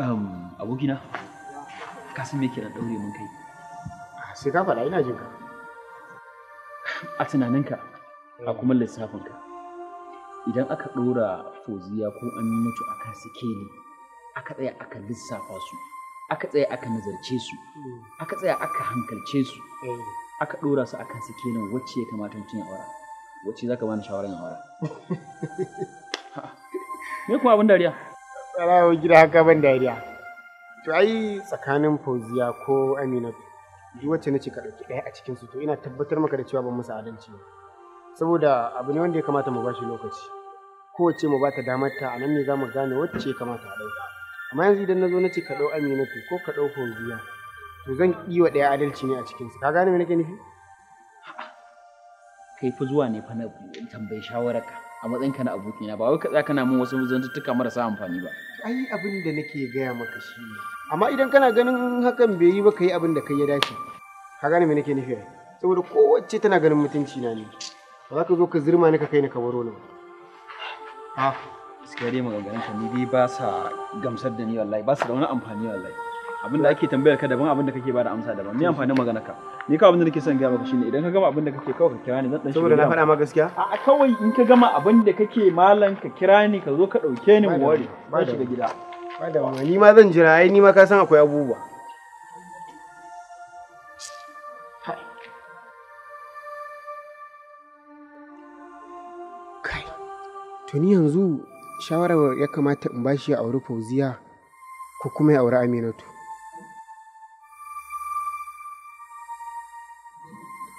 um, abokina ka san me ke daure mun kai ah, sai ka faɗa ina jin ka a tunaninka a kuma lissafinka idan aka ɗora foziya ko aminatu a kan sikeli aka tsaya aka lissafa su aka tsaya aka nazarce su hmm. aka tsaya aka hankalce su hmm. aka ɗora su a akan sikelin wacce ya kamata mutum ya aura wacce za ka bani shawarar ya aura me kuma abin dariya Karawo gida haka ban dariya. To ai tsakanin Fauziya ko Aminatu duk wacce na ce ka ɗauki ɗaya a cikin su to ina tabbatar maka da cewa ban musu adalci saboda abu ne wanda ya kamata mu bashi lokaci kowace mu bata damar ta a nan ne zamu gane wacce ya kamata a ɗauka amma yanzu idan nazo ce ka ɗau Aminatu ko ka ɗau Fauziya to zan yi wa ɗaya adalci ne a cikin su ka gane me nake nufi kai fa zuwa ne fa na tambayi shawararka a matsayinka na abokina ba wai ka kana na mun wasu zantuttuka marasa amfani ba ai abin da nake gaya maka shi ne amma idan kana ganin hakan bai yi ba ka yi abin da kai ya dace ka gane me nake nufi saboda kowace tana ganin mutunci na ne ba za ka zo ka zirma ni ka kai ni ka baro ni ha ah, gaskiya dai maganganun ka ni dai ba sa gamsar da ni wallahi ba su da wani amfani wallahi abinda da ake tambayar ka daban abinda da kake bada amsa daban ni amfanin magana ka ni kawai abinda da nake son gaya maka shine idan ka gama abinda da kake kawai ka kira ni zan dan saboda na faɗa ma gaskiya a kawai in ka gama abinda da kake malam ka kira ni ka zo ka dauke ni mu ware zan shiga gida ba ni ma zan jira ai ni ma ka san akwai abubuwa kai to ni yanzu shawarar ya kamata in bashi a auri fauziya ko kuma ya auri aminatu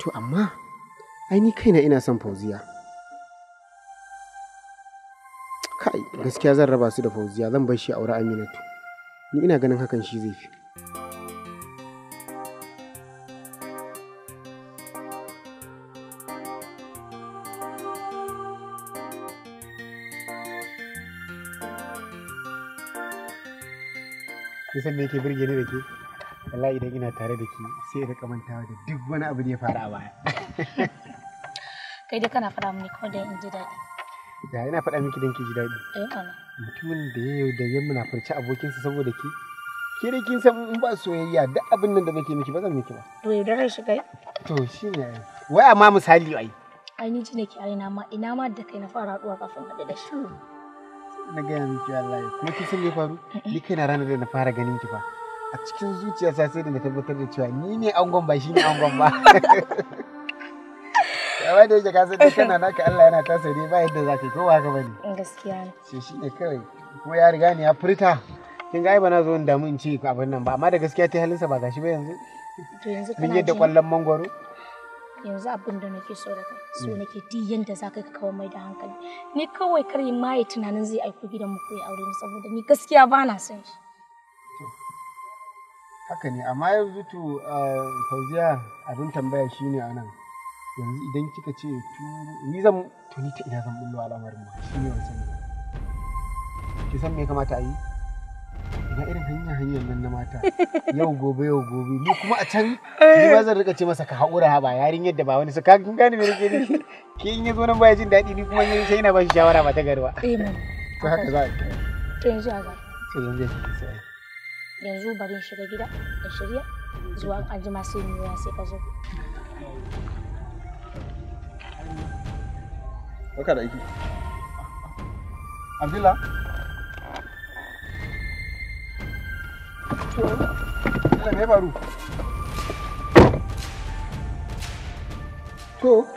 To amma, ai ni kaina ina son fauziya. Kai, gaskiya zan raba su da fauziya zan bar shi a aure Aminatu. Ni ina ganin hakan shi zai fi. Kisan me yake birge ni da ke? wallahi idan ina tare da ke sai da mantawa da duk wani abu da ya faru a baya kai dai kana faɗa mini kawai da in ji daɗi da ina faɗa miki dan ki ji daɗi eh kana mutumin da ya da ya munafurci abokinsa saboda ke ke dai kin san in ba soyayya duk abin nan da nake miki ba zan miki ba to yaudarar shi kai to shine wai amma misali ai ai ni ji nake ai na ma ina ma da kai na fara haɗuwa kafin haɗu da shi na gaya miki wallahi kuma kin san me faru ni kai na ranar da na fara ganin ki ba. a cikin zuciyarsa sai da tabbatar da cewa ni ne angon ba shi ne angon ba amma da yake ka san duk kana naka Allah yana ne ba yadda zaka ko ba haka bane gaskiya ne shi ne kawai kuma ya riga ne ya furta kin ga ai bana zo in damu in ce abin nan ba amma da gaskiya ta halinsa ba gashi ba yanzu to yanzu kana yadda kwallon mangwaro yanzu abin da nake so da kai so hmm. nake ti yanda za ka kawo mai da hankali ni kawai kar ma ya tunanin zai aiko gidan mu ko ya aure saboda ni gaskiya ba na son shi haka ne amma yanzu to fauziya abin tambaya shi ne anan yanzu idan kika ce ni zan to ni ta ina zan bullo al'amarin ma ne wancan ki san me kamata a yi ina irin hanya hanyar nan na mata yau gobe yau gobe ni kuma a can eh. ni ba zan rika ce masa ka haƙura ha ba yarin yadda ba wani su ka kin gane me nake ne ke in ya zo nan baya jin daɗi ni kuma sai ina ba shi shawara ba ta gari ba. to haka za a yi to yanzu a ga to yanzu ya ce sai yanzu bari in shiga gida da shirya zuwa an jima sai mu ya sai ka zo Baka da aiki. Abdullah. To. Allah me faru? To.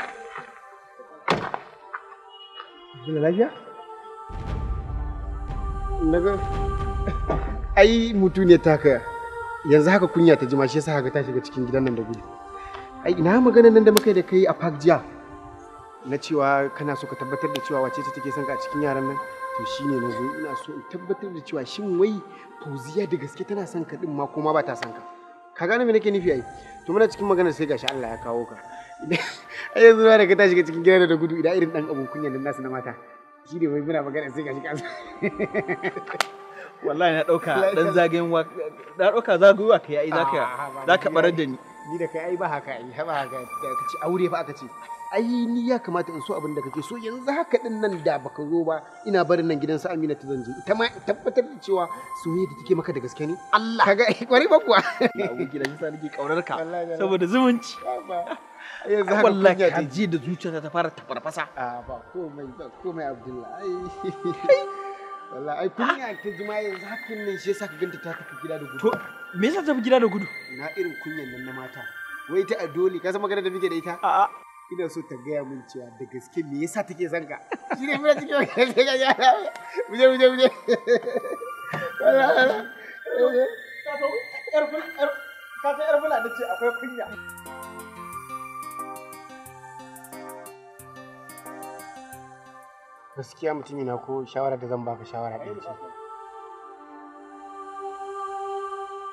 Abdullah lafiya? Na ai mutu ne taka yanzu haka kunya ta jima shi yasa haka ta shiga cikin gidan nan da gudu ai ina maganar nan da muka da kai a park jiya na cewa kana so ka tabbatar da cewa wace ce take son ka a cikin yaran nan to shine na zo ina so in tabbatar da cewa shin wai fauziya da gaske tana son ka din ma kuma ba ta son ka ka gane me nake nufi ai to muna cikin magana sai gashi Allah ya kawo ka ai yanzu na da ka tashi cikin gidan da gudu idan irin dan abun kunya nan nasu na mata shi ne mai muna magana sai gashi ka wallahi na ɗauka ɗan zagayen wa na ɗauka za ka yayi zaka zaka barar da ni ni da kai ai ba haka ai ba haka ka ci aure fa aka ce ai ni ya kamata in so abin da kake so yanzu haka din nan da baka zo ba ina barin nan gidan su Amina ta zanje ita ma tabbatar da cewa soyayya da take maka da gaske ne Allah kaga kwari eh, ba kuwa ya gidan da yasa nake kaurar ka saboda zumunci yanzu haka wallahi ka ji da zuciyarka ta fara tafarfasa a ba komai ba komai Abdullahi wallahi ai kunya ta jima yanzu hakan nan shi yasa ka ganta ta tafi gida da gudu to me yasa ta tafi gida da gudu na irin kunyan nan na mata wai ta a dole ka san magana da muke da ita a'a ina so ta gaya min cewa da gaske me yasa take son ka shi ne muna cikin wani ga ya mu je mu je ka san yar fulani ce akwai kunya gaskiya mutum yana ko shawara da zan baka shawara ɗin ce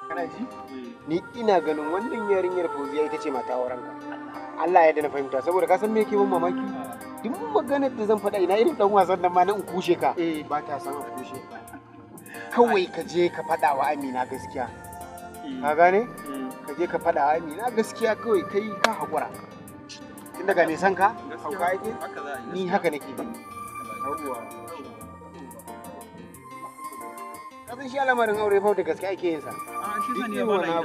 kana ji ni ina ganin wannan yarinyar fauziya ita ce mata auren ka Allah ya da na fahimta saboda ka san me yake ban mamaki duk maganar da zan faɗa ina irin ɗan wasan nan ma na in kushe ka eh ba ta san a kushe kawai ka je ka faɗa wa Amina gaskiya eh. ka gane eh. ka je ka faɗa wa Amina gaskiya kawai kai ka haƙura tun daga nisan ka yake ni haka nake gani Kasan shi alamarin aure fa da gaske ake yin sa. A shi zane yi da wasa.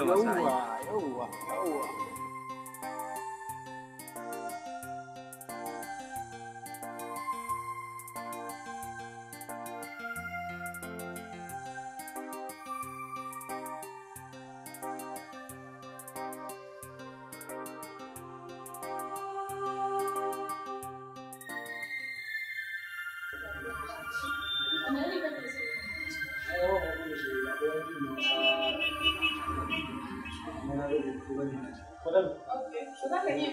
ka nake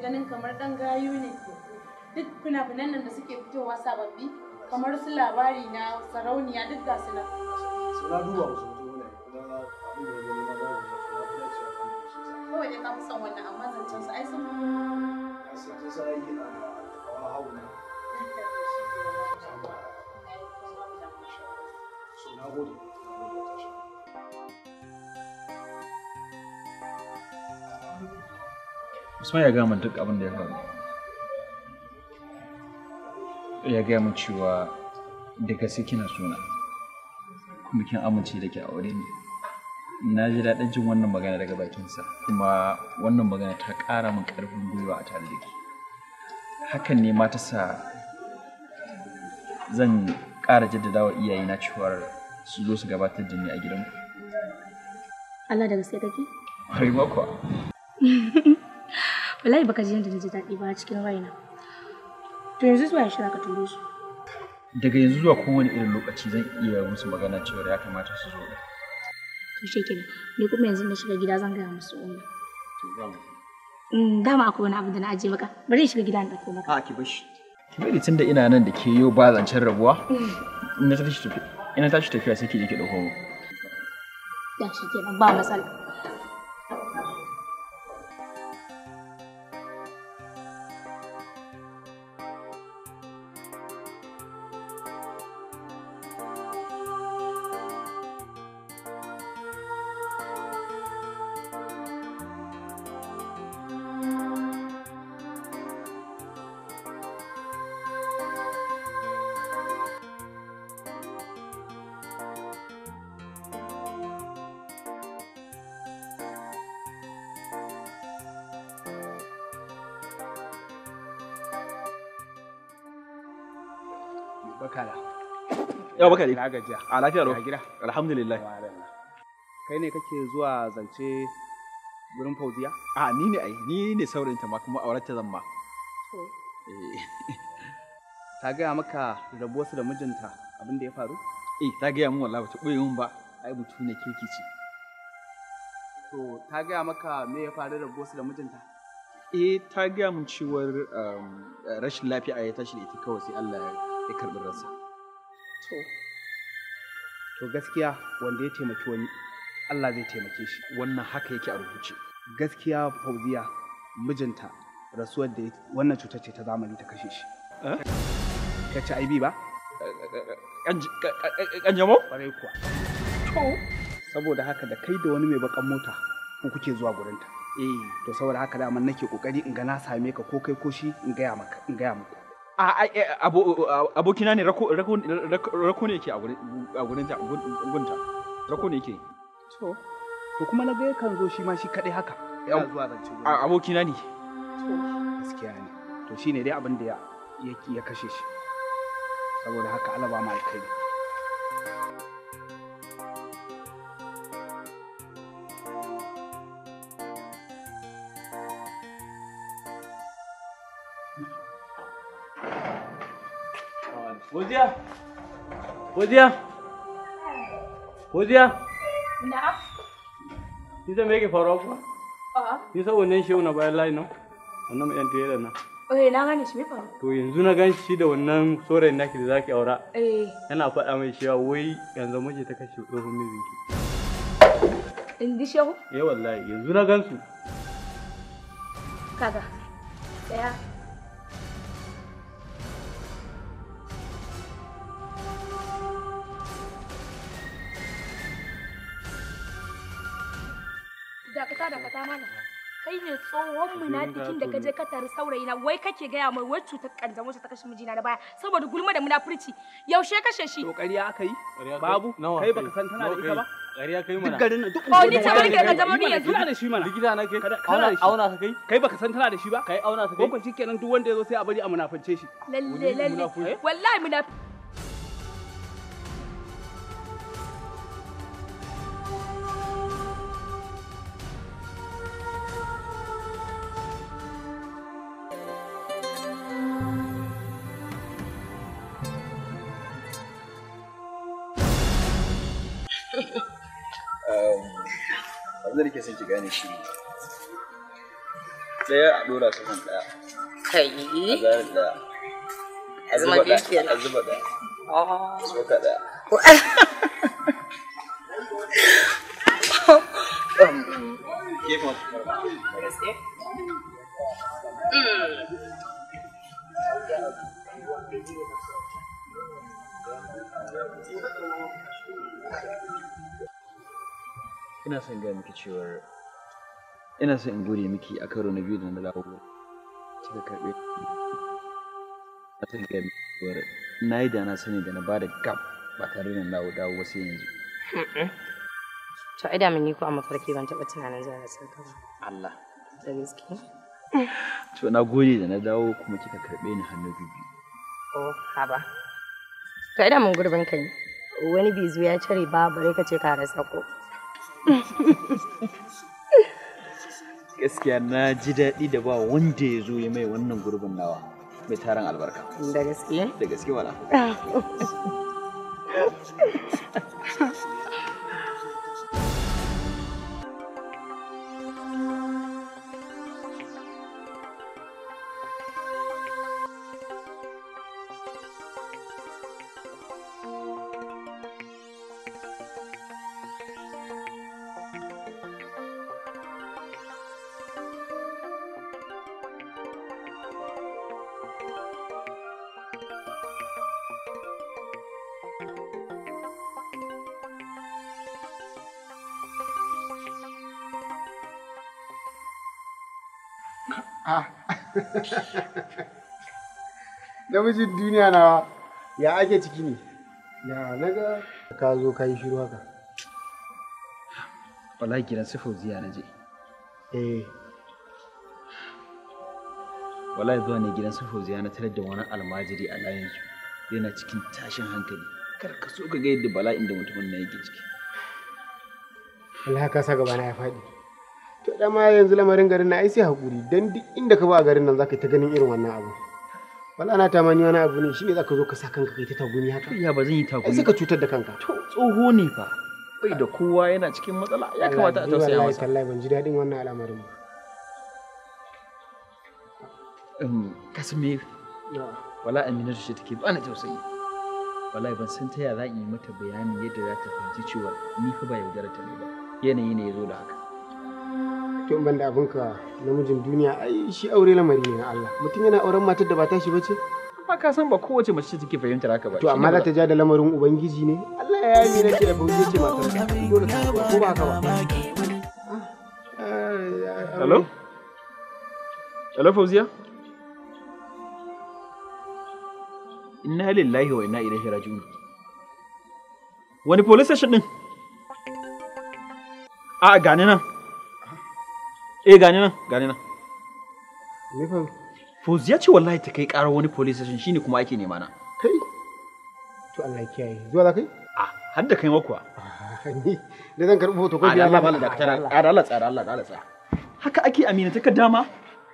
ganin kamar ɗan gayu ne duk fina nan da suke fitowa sababbi kamar su labari na sarauniya duk nan. Suna duba wasu. usman ya gama duk abin da ya faru ya gaya min cewa da sai kina suna kuma kin amince da ke aure ne na ji daɗin jin wannan magana daga bakinsa kuma wannan magana ta ƙara min ƙarfin gwiwa a tare da ke hakan ne ma ta sa zan ƙara jaddada wa na cewar su zo su gabatar da ni a gidanku Allah da gaske kake? Kwarai kuwa. wallahi baka ji yadda ji daɗi ba cikin raina to yanzu zuwa yaushe zaka tura su daga yanzu zuwa kowane irin lokaci zan iya musu magana cewa ya kamata su zo to shekin ni kuma yanzu na shiga gida zan gaya musu umma mm, dama akwai wani abu da na aje maka bari shiga gida na ɗauko maka a ki bashi ki bari tunda ina nan da ke yau ba zancen rabuwa mm. ina tashi tafiya ina tashi tafiya sai ki je ki ɗauko mu da shi kenan ba matsala bakari na gajiya a lafiya lau gida alhamdulillah kai ne kake zuwa zance gurin fauziya a ni ne ai ni ne saurayinta ma kuma auren ta ma eh. ta gaya maka su da mijinta abin da ya faru eh ta gaya min wallahi bata ɓoye min ba ai mutu ne kirki ce to ta gaya maka me ya faru su da mijinta eh ta gaya min cewar um, rashin lafiya ya tashi da ita kawai sai Allah ya karɓi ransa To gaskiya wanda ya taimaki wani Allah zai taimake shi wannan haka yake a rubuce. Gaskiya fauziya mijinta rasuwar da wannan cutar ce ta zamani ta kashe shi. Eh? Ka ci IB ba? jamo? Ƙwarai kuwa. To, saboda haka da kai da wani mai bakan mota ku kuke zuwa gurinta. Eh, to saboda haka da nake kokari in ga na same ka ko kai ko shi in gaya maka in abokina ne rako ne ke a ta gunta rako ne ke to kuma na ga yakan zo shi ma shi kaɗai haka yana zuwa abokina ne gaskiya ne to shine dai abin da ya kashe shi saboda haka alaba ma ne. Fauziya? Fauziya? Na'am. Kin san me yake faruwa kuwa? A'a. Kin na bayan layi nan? Wannan mai da nan. Eh, na shi me To yanzu na gan shi da wannan saurayin naki da zaki aura. Eh. Yana faɗa mai cewa wai yanzu mace ta kashe tsohon mijinki. In ji shehu? Eh wallahi, yanzu na gan su. Kaga. Daya. fata mana. Kai ne tsohon munafikin da kaje ka tari saurayi na wai kake gaya mai wai cutar kanjamau ta kashe mijina na baya saboda gulma da munafurci. Yaushe kashe shi? To ƙarya aka yi? Babu. Kai baka san tana da ita ba. ƙarya kai mana duk garin nan duk oh, ni ce barke ka zama ni yanzu da shi mana likita na kai auna auna ka kai kai baka san tana da shi ba kai auna ka kai Kokon ko shikenan duk wanda yazo sai a bari a munafince shi lalle lalle wallahi munafi gane shi ɗaya a ɗora saman ɗaya kai a ɗaya a zuba ɗaya a zuba ɗaya ɗaya ina son gaya miki cewar ina so in gode miki a karo na biyu da na dawo kika karɓe a ta ga miwar na yi da na sani da na ba da gab ba tare da na dawo wasu yanzu to ai da mun yi ko a mafarki ban taɓa tunanin za a sarka ba Allah da gaske to na gode da na dawo kuma kika karɓe ni hannu biyu oh haba to ai da mun gurbin kai wani bizu ya cire ba bare ka ce ka rasa ko gaskiya na ji daɗi da ba wanda ya zo ya mai wannan gurbin nawa mai taron albarka da gaske da gaske wala namijin duniya na ya ake ciki ne ya naga ka zo ka yi shiru haka wala gidan su fauziya na je eh wallahi zuwa ne gidan su fauziya na tarar da wani almajiri a layin su yana cikin tashin hankali kar ka so ka ga yadda bala'in da mutumin na yake ciki Allah ka sa gaba na ya faɗi kaɗa ma yanzu lamarin garin na ai sai don duk inda ka ba a garin nan za ka ta ganin irin wannan abu wala ana ta mani wani abu ne shine za ka zo ka sa kanka kai ta taguni haka ya ba zan yi taguni sai ka cutar da kanka to tsoho ne fa bai da kowa yana cikin matsala ya kamata a tausaya masa wallahi ban ji dadin wannan al'amarin ba um kasme wala aminar shi take ba na tausayi wallahi ban san ta ya za in yi mata bayani yadda za ta fahimci cewa ni fa ba yaudara ta ne ba yanayi ne ya zo da haka to da banda abinka namijin duniya ai shi aure lamari ne na Allah mutum yana auren matar da ba ta shi bace amma ka san ba kowace mace take fahimtar haka ba to amma za ta ja da lamarin ubangiji ne Allah ya yi nake da bauje ce matar dole ta ko ba ka ba hello hello Fauziya inna lillahi wa inna ilaihi raji'un wani police station din a gane nan Eh gani nan, gani nan. Me fa? Fauzi ya ce wallahi ta kai ƙarar wani police station shine kuma ake nema na. Kai. To Allah kiyaye. Zuwa za kai? Ah, har da kai makuwa. Ni da zan karɓi hoto kai. Allah bala da ada Allah tsara, Allah da Allah tsara. Haka ake amina ta dama.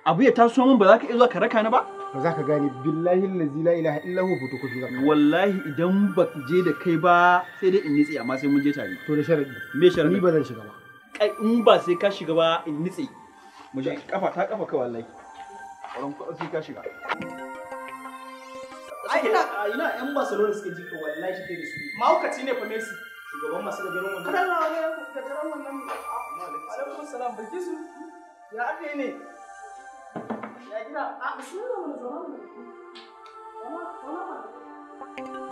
Abu ya taso min ba za ka iya zuwa ka raka ni ba? Ba za ka gane billahi lazi la ilaha illa huwa hoto kai Wallahi idan ba je da kai ba sai dai in nitsi amma sai mun je tare. To da sharadi. Me sharadi? Ni ba zan shiga ba. in ba sai ka shiga ba in kafa ta kafa kai wallahi wurin ka shiga ai ina ina yan Barcelona suke jika wallahi shi da su mahaukaci ne fa Messi shugaban masu ne da wannan alaikum salam barki su ya ne ya a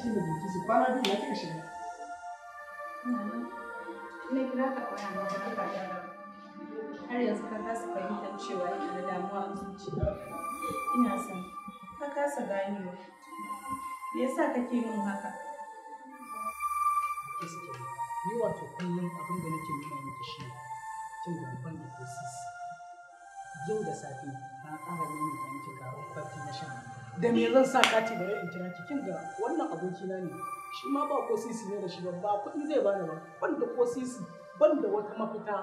cikin da buki su kwana biyu na kika shiga. Ina kira ka kwana ma ba ka Har yanzu ka kasa fahimtar cewa ina da damuwa a zuciya. Ina son ka kasa ganewa. Me yasa kake min haka? Gaskiya ni wato kullum abin da nake nuna miki shi tun da ban da yau da safe na ƙara nuna miki da me zan sa kati bare in kira ki kin wannan abokina ne shi ma ba ko sisi ne da shi ba ba kuɗi zai bani ba ban da ko sisi ban da wata mafita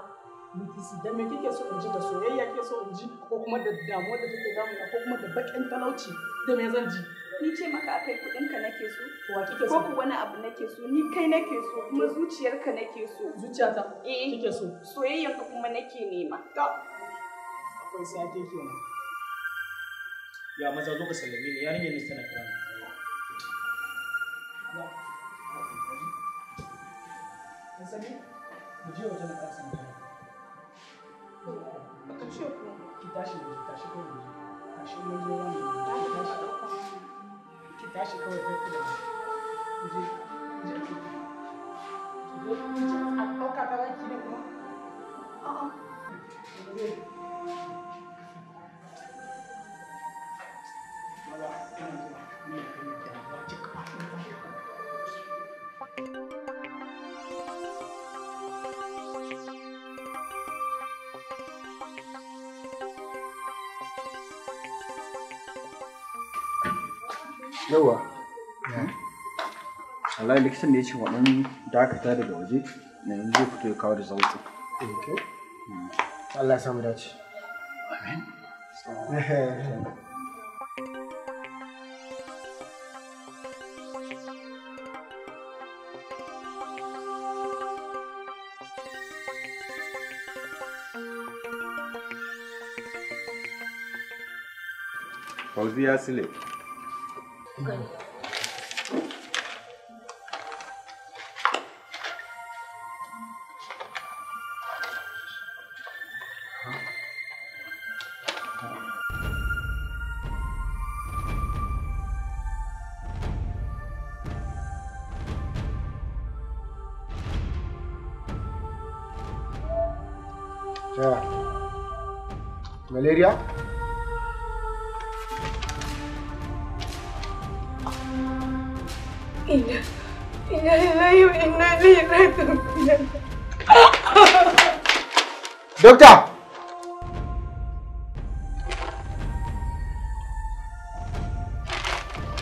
mutisi da me kike so in ji da soyayya ke so in ji ko kuma da damuwa da take damuna, ko kuma da bakin talauci da me zan ji ni ce maka akai kuɗin ka nake so wa kike so ko wani abu nake so ni kai nake so kuma zuciyarka nake so zuciyata eh kike so soyayyarka kuma nake nema akwai sake kenan ya maza zo ka sallame ni yarinyar ne tana kira ni sani mu je wajen ka san ta ka ce ko ki tashi ki tashi ko ki tashi mun je wani ki tashi ki tashi ko ki tashi mu je mu je ki je ki je a ɗauka ta ranki ne kuma a'a yawa wallahi likitan ne ya ce waɗan dakata daga waje na zai fito ya kawo da zautsi hmm. Allah ya samu dace amin ya sile. cười Yeah. Malaria? inna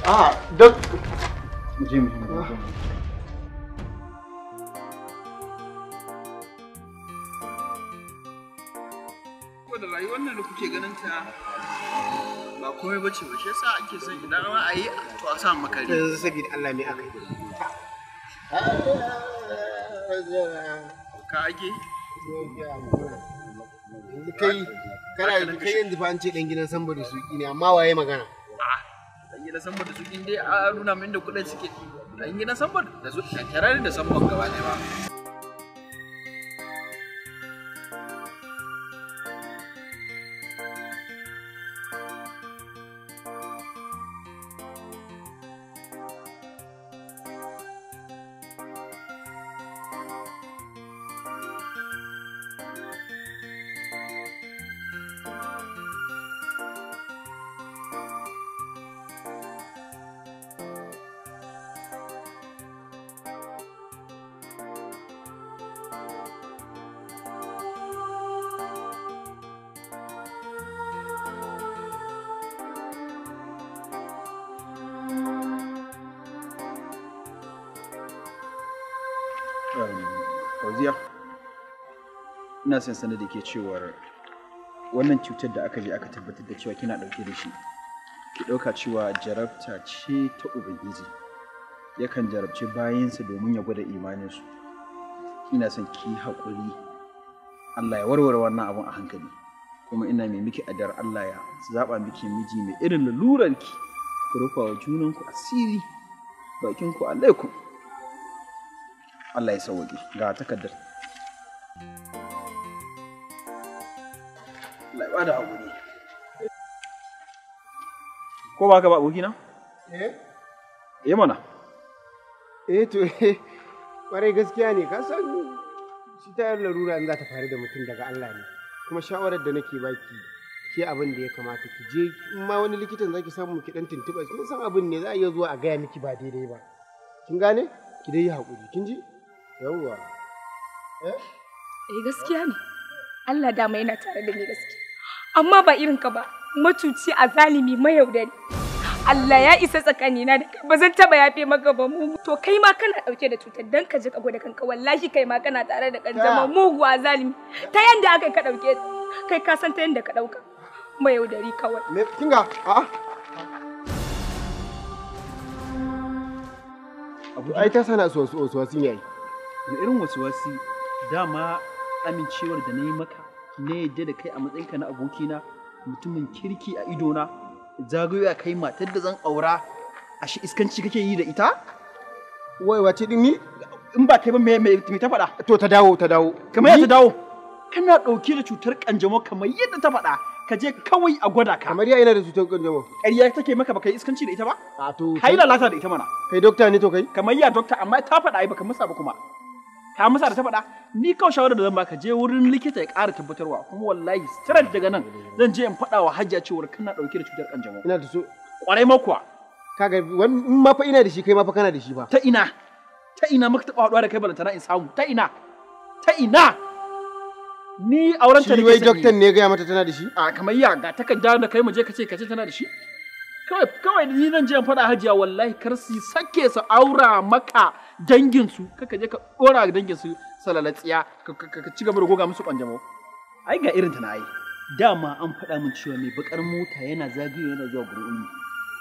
ah dok jim jim kuke bace ba shi yasa ake son idan ma a yi to a sa makare yanzu Allah ne aka ka ake kai kana kai yanzu fa an ce dan gidan samba da suki ne amma waye magana dan gidan samba da suki dai a nuna min da kudin suke dan gidan samba da suki a tare da samban gaba ne ba fauziya ina son sanar da ke cewar wannan cutar da aka je aka tabbatar da cewa kina ɗauke da shi ki ɗauka cewa jarabta ce ta ubangiji yakan jarabci bayansa domin ya gwada imaninsu ina son ki haƙuri allah ya warware wannan abun a hankali kuma ina mai miki adar allah ya zaɓa miki miji mai irin lalurarki ku rufa wa junanku asiri bakinku alaikum Allah ya sauwaƙe ga takardar laiba da haƙuri ko ba ka ba abokina? eh eh mana eh to eh ƙwarai gaskiya ne ka san shi tayar larura in za ta faru da mutum daga Allah ne kuma shawarar da nake baki ke abin da ya kamata ki je in ma wani likitan zaki samu ki dan tuntuɓa kin san abin ne za a iya zuwa a gaya miki ba daidai ba kin gane ki dai yi haƙuri kin ji Yawwa. Eh? gaskiya ne. Allah dama yana tare da ni gaskiya. Amma ba irin ka ba, matuci a zalimi mayaudari. Allah ya isa tsakanina da kai ba zan taba yafe maka ba mu to kai ma kana dauke da cutar dan ka ji kago da kanka wallahi kai ma kana tare da kan zama muguwa zalimi ta yanda akai ka dauke kai ka san ta yanda ka dauka mayaudari kawai me kinga a? abu ai ta sana so so so sun yayi da irin wasu wasi dama amincewar da na yi maka na yadda da kai a matsayinka na abokina mutumin kirki a idona zagayowa kai matar da zan aura a shi iskanci kake yi da ita? Wai wace dini? ni? In ba kai ba me ta faɗa? To ta dawo ta dawo. Kamar ya ta dawo. Kana ɗauke da cutar kanjamo kamar yadda ta faɗa. Ka je kawai a gwada ka. Kamar ya yana da cutar kanjamau. Ƙarya take maka ba yi iskanci da ita ba? A to. Kai lalata da ita mana. Kai dokta ne to kai? Kamar ya dokta amma ta faɗa ai baka musa ba kuma. ka musa da ta faɗa ni kawai shawarar da zan baka je wurin likita ya ƙara tabbatarwa kuma wallahi straight daga nan zan je in faɗa wa hajjia cewar kana ɗauke da cutar kanjamau ina da so ƙwarai ma kuwa kaga wani in ma fa ina da shi kai ma fa kana da shi ba. ta ina ta ina muka taɓa haɗuwa da kai balantana in samu ta ina ta ina ni auren ta da wai doktan ne ga mata tana da shi a kamar ya ga takarda da kai mu je ka ce ka ce tana da shi kawai kawai ni nan jiyan faɗa hajiya wallahi kar su sake su aura maka dangin su kaka je ka dora dangin su salalatsiya ka ci gaba da goga musu kwanjamo ai ga irin ta na yi dama an faɗa min cewa mai bakar mota yana zagayo yana zuwa gurin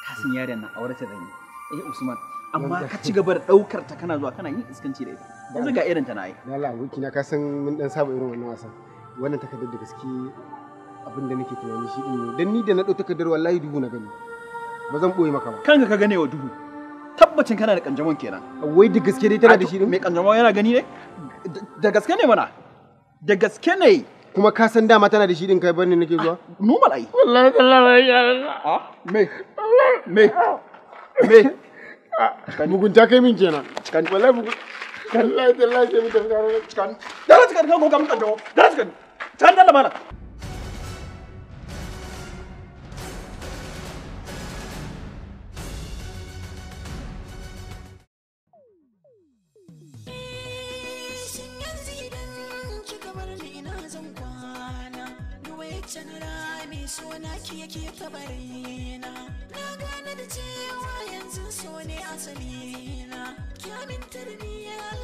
ka san yaren na aure ta zanyi eh Usman amma ka ci gaba da daukar ta kana zuwa kana yin iskanci da ita yanzu ga irin ta na yi. Lala wiki na ka san mun dan saba irin wannan wasan wannan takardar da gaske abin da nake tunani shi ne dan ni da na ɗau takardar wallahi dubu na gani ba zan boye maka ba kanka ka gane wa duhu tabbacin kana da kanjamon kenan wai da gaske dai tana da shi mai kanjamon yana gani ne da gaske ne mana da gaske ne kuma ka san dama tana da shi din kai bane nake ah, zuwa normal ai wallahi ah? wallahi ya me me me mugunta kai min kenan kan wallahi mugunta wallahi wallahi sai mu tafi kan kan dala kan kan ko kan kan dala kan can la mana can rami suna ki yake kabarina na gane da cewa yanzu so ne asalina kyamin tarbiyya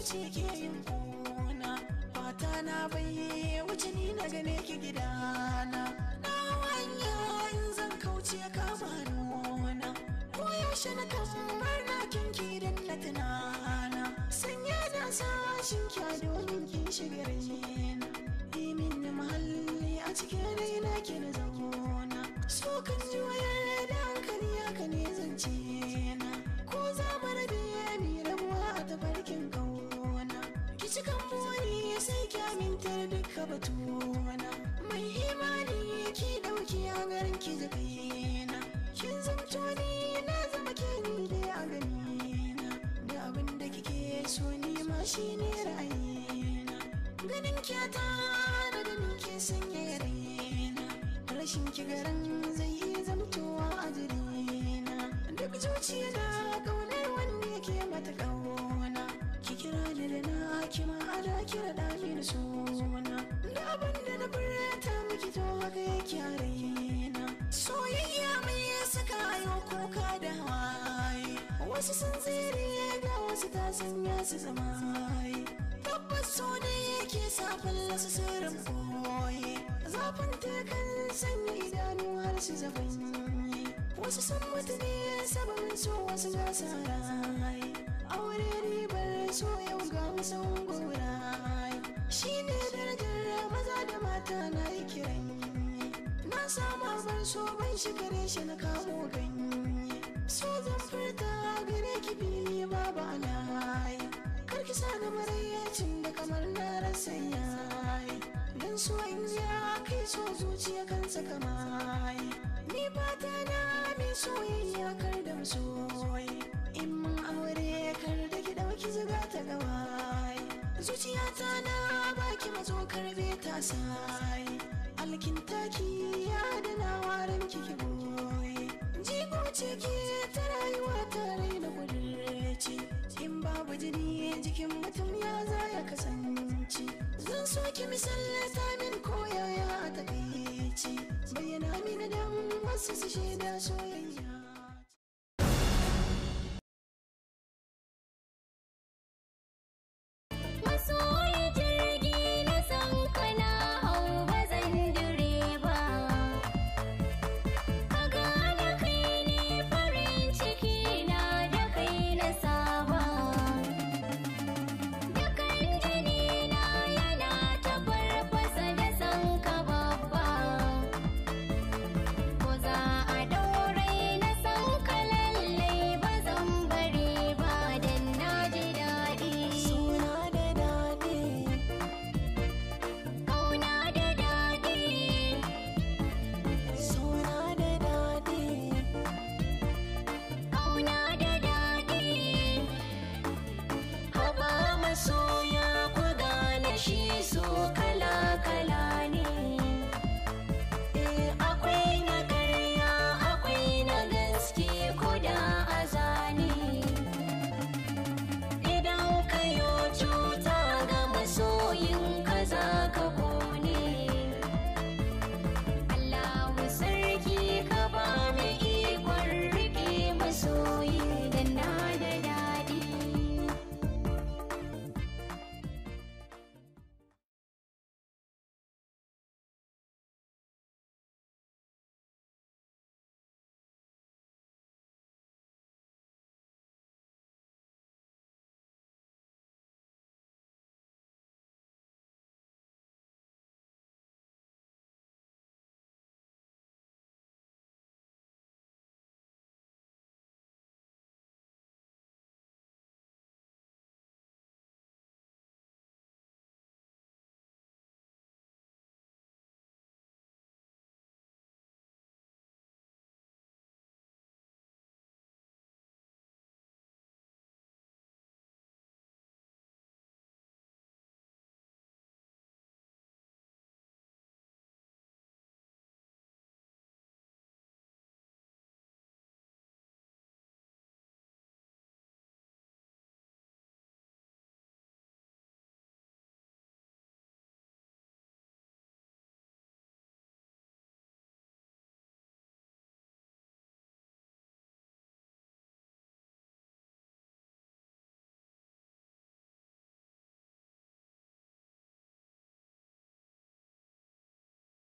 zuci ke yin kuna fata na bayye wuce ni na gane ki gidana na wanya zan kauce ka ba nuna ko yaushe na kamar na kinki dan na tunana sanya da sashin kya domin kin shigar jina imin na mahalli a cikin raina ke na zauna so kan ji wayar da hankali haka ne zance na ko za mu rabe mi rabuwa a tafarkin ka cikan ya sai kyamintar duka batuna mai imani ke dauki a garin ki da kaina kin zanto ni na zama ke ni a ganina da abinda da kike so ni ma shine ra'ayina ganin kyata da ganin ke sanya yarena rashin ki garin zai zamtowa a jirina duk zuciya su zama tabbas so yake sa falla su sirrin koyi zafin takan sanya idanu har su zabanyi wasu san mutu ne so wasu gasa rai aure ribar so yau ga musan gorai shi ne darajar maza da mata na yi kiran na sama bar so ban shigare shi na kamo ganye so zan furta gare ki ne babu alayi ki da marayyacin da kamar na don dan so in ji kai so zuciya kan saka ni fata na mai soyayya kar da soyi in mun aure kar da ki dauki zuga ta gawai zuciyata na baki mazo karbe ta sai alkin taki ya da na warin kiki boy jigo ce ke ta jini jikin mutum ya zai